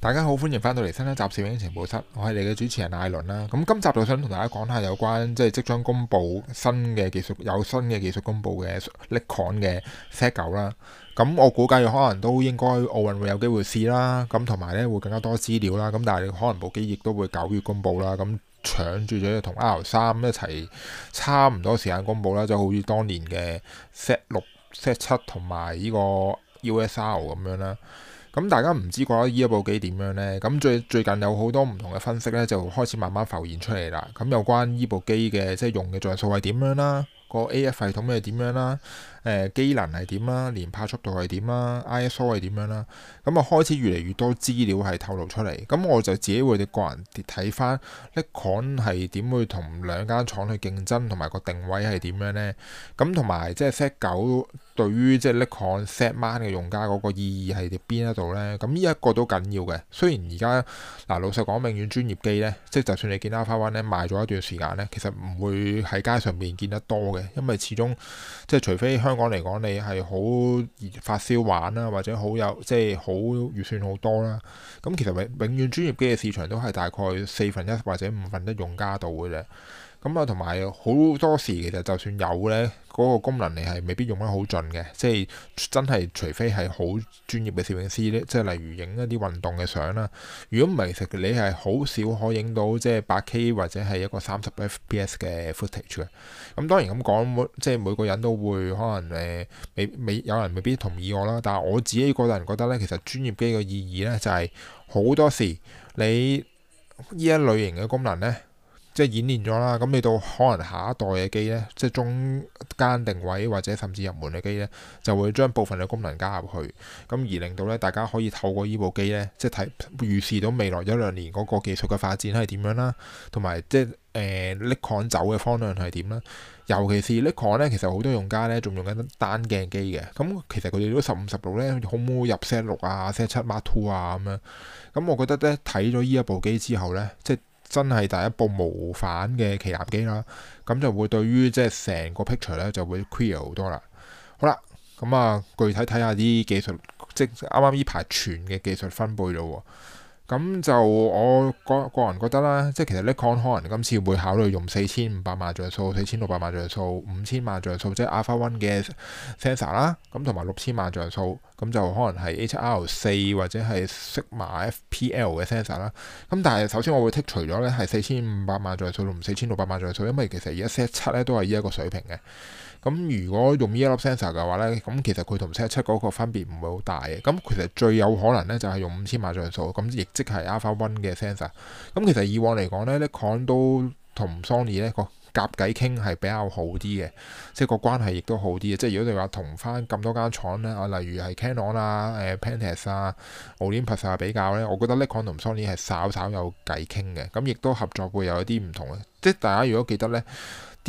大家好，歡迎翻到嚟《新一集攝影情報室》，我係你嘅主持人艾倫啦。咁今集就想同大家講下有關即係即，即將公布新嘅技術，有新嘅技術公布嘅 Nikon 嘅 Z9 啦。咁我估計可能都應該奧運會有機會試啦。咁同埋咧會更加多資料啦。咁但係可能部機亦都會九月公布啦。咁搶住咗同 R3 一齊差唔多時間公布啦，就好似當年嘅 Z6、Z7 同埋呢個 USR 咁樣啦。咁大家唔知覺得，依一部機點樣呢？咁最最近有好多唔同嘅分析呢，就開始慢慢浮現出嚟啦。咁有關呢部機嘅，即係用嘅像素係點樣啦，個 AF 系統係點樣啦，誒機能係點啦，連拍速度係點啦，ISO 係點樣啦，咁啊開始越嚟越多資料係透露出嚟。咁我就自己會個人睇翻，Nikon 係點去同兩間廠去競爭，同埋個定位係點樣呢？咁同埋即係 Z9。對於即係 Nikon Z9 嘅用家嗰個意義係邊一度呢？咁呢一個都緊要嘅。雖然而家嗱老實講，永遠專業機呢，即係就算你見到 Alpha One 咧，賣咗一段時間呢，其實唔會喺街上面見得多嘅，因為始終即係除非香港嚟講你係好發燒玩啦，或者好有即係好預算好多啦。咁其實永永遠專業機嘅市場都係大概四分一或者五分一用家到嘅啫。咁啊，同埋好多時，其實就算有咧，嗰個功能你係未必用得好盡嘅，即係真係除非係好專業嘅攝影師咧，即係例如影一啲運動嘅相啦。如果唔係，食你係好少可影到即係八 K 或者係一個三十 fps 嘅 footage 嘅。咁當然咁講，即係每個人都會可能誒、呃、未未有人未必同意我啦。但係我自己個人覺得咧，其實專業機嘅意義咧，就係好多時你依一類型嘅功能咧。即係演練咗啦，咁你到可能下一代嘅機呢，即係中間定位或者甚至入門嘅機呢，就會將部分嘅功能加入去，咁而令到呢，大家可以透過呢部機呢，即係睇預示到未來一兩年嗰個技術嘅發展係點樣啦，同埋即係誒、呃、LiteCon 走嘅方向係點啦。尤其是 LiteCon 呢，其實好多用家呢仲用緊單鏡機嘅，咁其實佢哋都十五十六呢，好唔好入 set 六啊 set 七 Mate Two 啊咁樣，咁我覺得呢，睇咗呢一部機之後呢，即係。真係第一部無反嘅旗艦機啦，咁就會對於即係成個 picture 咧就會 clear 好多啦。好啦，咁啊，具體睇下啲技術，即啱啱呢排全嘅技術分配咯。咁就我個個人覺得啦，即係其實 Nikon 可能今次會考慮用四千五百萬像素、四千六百萬像素、五千萬像素，即係 Alpha One 嘅 sensor 啦，咁同埋六千萬像素，咁就可能係 H R 四或者係 Sigma F P L 嘅 sensor 啦。咁但係首先我會剔除咗咧係四千五百萬像素同四千六百萬像素，因為其實而家 Z 七咧都係呢一個水平嘅。咁如果用呢一粒 sensor 嘅話咧，咁其實佢同七七嗰個分別唔會好大嘅。咁其實最有可能咧就係用五千萬像素，咁亦即係 Alpha One 嘅 sensor。咁其實以往嚟講咧，Nikon 都同 Sony 咧個夾計傾係比較好啲嘅，即係個關係亦都好啲嘅。即係如果你話同返咁多間廠咧，啊，例如係 Canon 啊、誒 Pentax 啊、Olympus 啊比較咧，我覺得 Nikon 同 Sony 係稍稍有偈傾嘅，咁亦都合作會有一啲唔同嘅。即係大家如果記得咧。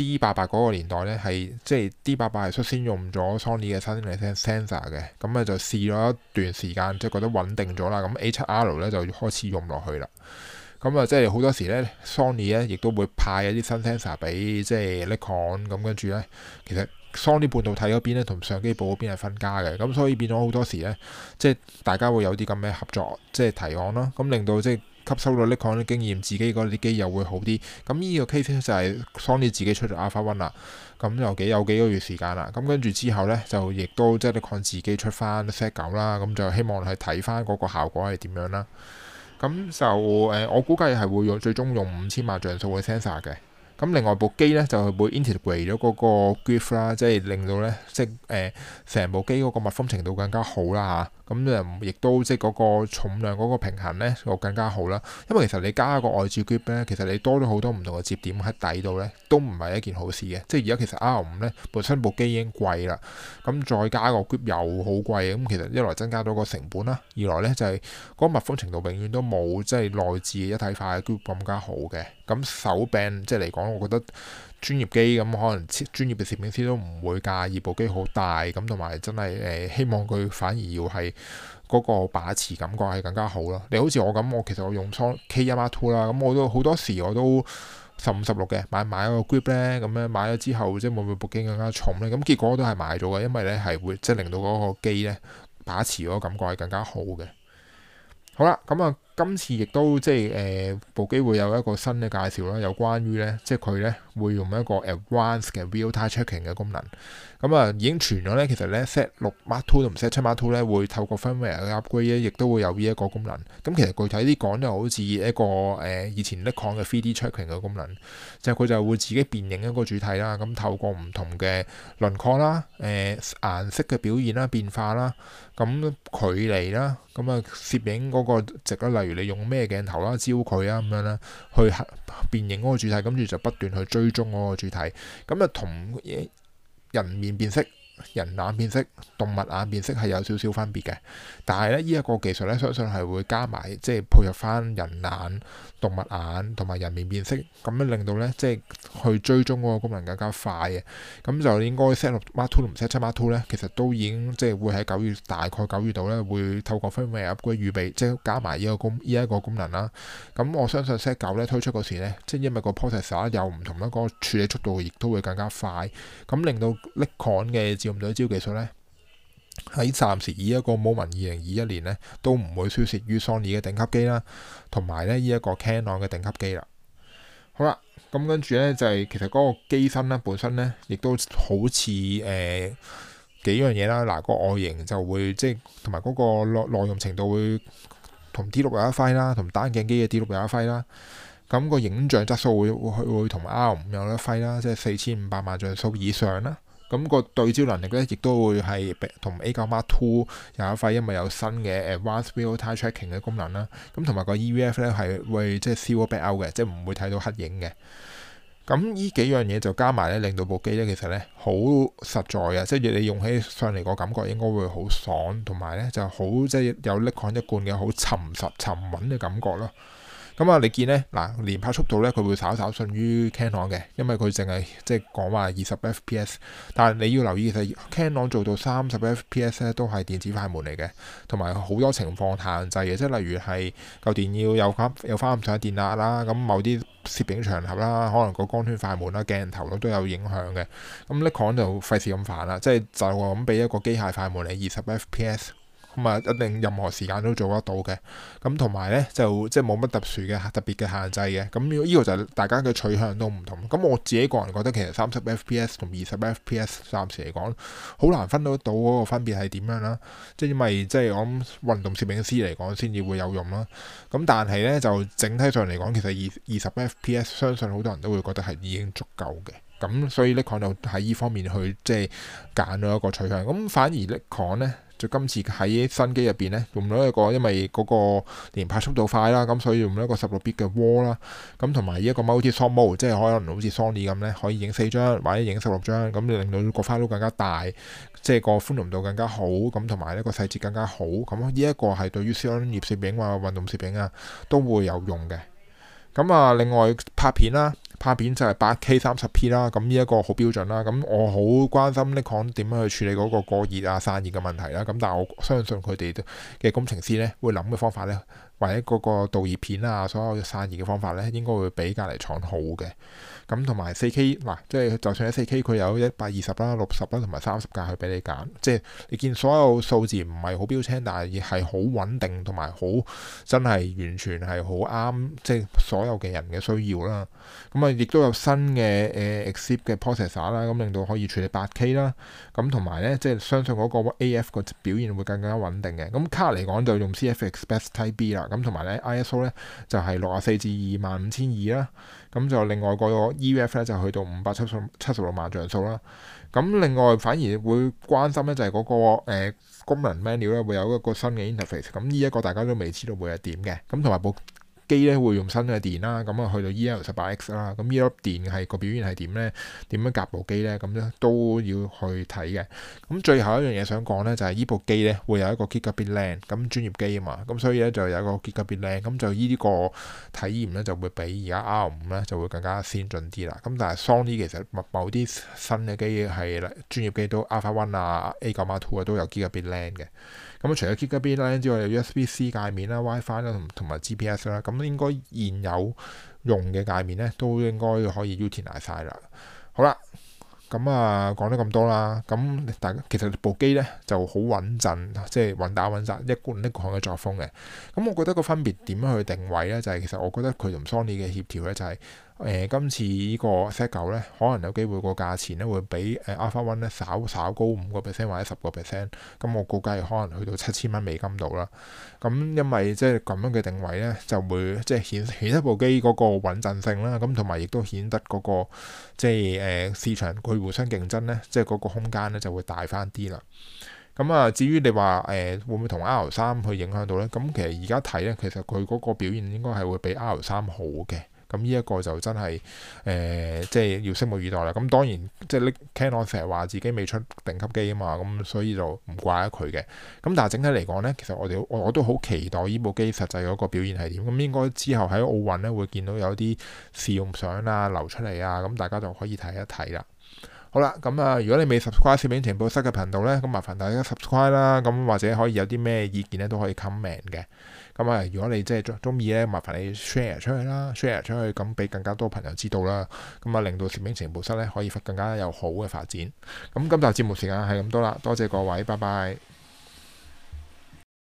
D 八八嗰個年代咧，係即係 D 八八係率先用咗 Sony 嘅新內聲 sensor 嘅，咁啊就試咗一段時間，即係覺得穩定咗啦。咁 A 七 R 咧就開始用落去啦。咁啊，即係好多時咧，Sony 咧亦都會派一啲新 sensor 俾即係 Nikon 咁，跟住咧其實 Sony 半導體嗰邊咧同相機部嗰邊係分家嘅，咁所以變咗好多時咧，即係大家會有啲咁嘅合作即係提案啦，咁令到即係。吸收到 n i k 啲經驗，自己嗰啲機又會好啲。咁呢個 case 就係 Sony 自己出咗 Alpha One 啦。咁又幾有幾個月時間啦。咁跟住之後呢，就亦都即係 n i k 自己出翻 set 感啦。咁就希望係睇翻嗰個效果係點樣啦。咁就誒、呃，我估計係會用最終用五千萬像素嘅 sensor 嘅。咁另外部機咧就會 integrate 咗嗰個 grip 啦，即係令到咧即係誒成部機嗰個密封程度更加好啦嚇。咁誒亦都即係嗰個重量嗰個平衡咧又更加好啦。因為其實你加一個外置 grip 咧，其實你多咗好多唔同嘅接點喺底度咧，都唔係一件好事嘅。即係而家其實 R 五咧，本身部機已經貴啦，咁再加一個 grip 又好貴。咁其實一來增加咗個成本啦，二來咧就係嗰密封程度永遠都冇即係內置一體化嘅 grip 咁加好嘅。咁手柄即係嚟講，我覺得專業機咁可能專業嘅攝影師都唔會介意部機好大咁，同埋真係誒、呃、希望佢反而要係嗰、嗰個把持感覺係更加好咯。你好似我咁，我其實我用 K 一 Mark Two 啦，咁我都好多時我都十五十六嘅買買一個 Grip 咧，咁樣買咗之後即係會唔會部機更加重咧？咁結果都係買咗嘅，因為咧係會即係、即係、令到嗰個機咧把持嗰個感覺係更加好嘅。好啦，咁啊～今次亦都即係誒、呃、部機會有一個新嘅介紹啦，有關於咧，即係佢咧會用一個 advanced 嘅 real time tracking 嘅功能。咁、嗯、啊，已經傳咗咧，其實咧 Z 六 Mark II 同埋 Z 七 Mark II 咧，會透過 firmware upgrade 咧，亦都會有呢一個功能。咁、嗯、其實具體啲講咧，好似一個誒、呃、以前 Nikon 嘅 three d tracking 嘅功能，就係佢就會自己辨認一個主體啦。咁、嗯、透過唔同嘅輪廓啦、誒、呃、顏色嘅表現啦、變化啦、咁、嗯、距離啦、咁、嗯、啊攝影嗰個值，例如你用咩鏡頭啦，焦佢啊咁樣啦，去辨認嗰個主體，跟住就不斷去追蹤嗰個主體，咁啊同人面辨識、人眼辨識、動物眼辨識係有少少分別嘅，但係咧呢一個技術咧，相信係會加埋即係配合翻人眼。動物眼同埋人面辨色，咁樣令到咧，即係去追蹤嗰個功能更加快嘅，咁就應該 Z6 Mark Two 同 Z7 Mark Two 咧，其實都已經即係會喺九月大概九月度咧，會透過 firmware upgrade 預備，即係加埋呢個功依一、呢個功能啦。咁我相信 Z9 咧推出嗰時咧，即係因為個 processor 有唔同一嗰、嗰個處理速度，亦都會更加快，咁令到 Nikon 嘅焦內招技術咧。喺暫時以一個 m o m e n t 二零二一年咧，都唔會輸蝕於 Sony 嘅頂級機啦，同埋咧依一個 Canon 嘅頂級機啦。好啦，咁跟住咧就係、是、其實嗰個機身咧本身咧，亦都好似誒、呃、幾樣嘢啦。嗱、呃、個外形就會即係同埋嗰個耐用程度會同 D6 有一揮啦，同單鏡機嘅 D6 有一揮啦。咁個影像質素會會同埋 R 五有一揮啦，即係四千五百萬像素以上啦。咁個對焦能力咧，亦都會係同 A 九 Mark Two 有一塊，因為有新嘅 Advanced Real Time Tracking 嘅功能啦。咁同埋個 EVF 咧係會即係消咗 blackout 嘅，即係唔會睇到黑影嘅。咁呢幾樣嘢就加埋咧，令到部機咧其實咧好實在嘅，即係你用起上嚟個感覺應該會好爽，同埋咧就好即係有 Nikon 一貫嘅好沉實沉穩嘅感覺咯。咁啊、嗯，你見咧嗱，連拍速度咧佢會稍稍遜於 Canon 嘅，因為佢淨係即係講話二十 fps，但係你要留意嘅係 Canon 做到三十 fps 咧都係電子快門嚟嘅，同埋好多情況限制嘅，即係例如係個電要有咁有翻咁上下電壓啦，咁某啲攝影場合啦，可能個光圈快門啦、鏡頭咁都有影響嘅。咁 Nikon 就費事咁煩啦，即係就咁俾一個機械快門嘅二十 fps。咁啊，一定任何時間都做得到嘅。咁同埋咧，就即係冇乜特殊嘅特別嘅限制嘅。咁呢個就大家嘅取向都唔同。咁我自己個人覺得，其實三十 fps 同二十 fps 暫時嚟講，好難分得到到嗰個分別係點樣啦。即係因為即係我諗運動攝影師嚟講先至會有用啦。咁但係咧，就整體上嚟講，其實二二十 fps 相信好多人都會覺得係已經足夠嘅。咁所以 l e i 就喺呢方面去即係揀咗一個取向，咁反而 l e i 呢，就今次喺新機入邊呢，用咗一個，因為嗰個連拍速度快啦，咁所以用到一個十六 bit 嘅 RAW 啦，咁同埋呢一個 multi-shot mode 即係可能好似 Sony 咁呢，可以影四張或者影十六張，咁令到個 file 更加大，即係個寬容度更加好，咁同埋呢個細節更加好，咁呢一個係對於商業攝影或運動攝影啊都會有用嘅。咁啊，另外拍片啦。拍片就係八 K 三十 P 啦，咁呢一個好標準啦。咁我好關心 Nikon 點樣去處理嗰個過熱啊、散熱嘅問題啦。咁但係我相信佢哋嘅工程師咧會諗嘅方法咧。或者嗰個導熱片啊，所有散熱嘅方法咧，應該會比隔離廠好嘅。咁同埋四 K 嗱、啊，即係就算喺四 K，佢有一百二十啦、六十啦同埋三十架去俾你揀。即係你見所有數字唔係好標清，但係亦係好穩定同埋好真係完全係好啱，即係所有嘅人嘅需要啦。咁啊，亦都有新嘅誒、呃、e x c e p t 嘅 Processor 啦，咁令到可以處理八 K 啦。咁同埋咧，即係相信嗰個 AF 個表現會更加穩定嘅。咁卡嚟講就用 CF Express Type B 啦。咁同埋咧，ISO 咧就係六十四至二萬五千二啦。咁就另外個 EVF 咧就去到五百七十七十六萬像素啦。咁另外反而會關心咧就係、是、嗰、那個誒功、呃、能 menu 咧會有一個新嘅 interface。咁呢一個大家都未知道會係點嘅。咁同埋部機咧會用新嘅電啦，咁啊去到 EL 十八 X 啦，咁呢部電係個表現係點咧？點樣夾部機咧？咁樣都要去睇嘅。咁最後一樣嘢想講咧，就係、是、依部機咧會有一個 Gigabit LAN 咁專業機啊嘛，咁所以咧就有一個 Gigabit LAN，咁就依啲個體驗咧就會比而家 R 五咧就會更加先進啲啦。咁但係 Sony 其實某啲新嘅機係專業機都 Alpha One 啊 A 九 m Two 啊都有 Gigabit LAN 嘅。咁除咗 Gigabit LAN 之外，有 USB C 介面啦、WiFi 啦、啊、同埋 GPS 啦咁。應該現有用嘅界面咧，都應該可以 u 優化晒啦。好啦，咁啊講得咁多啦，咁大家其實部機咧就好穩陣，即係穩打穩紮，一貫一行嘅作風嘅。咁、嗯、我覺得個分別點樣去定位咧，就係、是、其實我覺得佢同 Sony 嘅協調咧，就係、是。誒、呃、今次依個 set 九咧，可能有機會個價錢咧會比誒 R1 咧稍稍高五個 percent 或者十個 percent，咁我估計可能去到七千蚊美金度啦。咁、嗯、因為即係咁樣嘅定位咧，就會即係顯顯得部機嗰個穩陣性啦。咁同埋亦都顯得嗰、那個即係誒、呃、市場佢互相競爭咧，即係嗰、那個空間咧就會大翻啲啦。咁、嗯、啊，至於你話誒、呃、會唔會同 R 三去影響到咧？咁其實而家睇咧，其實佢嗰個表現應該係會比 R 三好嘅。咁呢一個就真係誒、呃，即係要拭目以待啦。咁當然，即係呢 Canon 成日話自己未出頂級機啊嘛，咁所以就唔怪得佢嘅。咁但係整體嚟講咧，其實我哋我我都好期待呢部機實際嗰個表現係點。咁應該之後喺奧運咧會見到有啲試用相啊流出嚟啊，咁大家就可以睇一睇啦。好啦，咁、嗯、啊，如果你未 subscribe 攝影情報室嘅頻道咧，咁、嗯、麻煩大家 subscribe 啦，咁、嗯、或者可以有啲咩意見咧，都可以 comment 嘅。咁、嗯、啊，如果你真係中意咧，麻煩你 share 出去啦，share 出去，咁俾、嗯、更加多朋友知道啦。咁、嗯、啊，令到攝影情報室咧可以更加有好嘅發展。咁、嗯、今集節目時間係咁多啦，多謝各位，拜拜。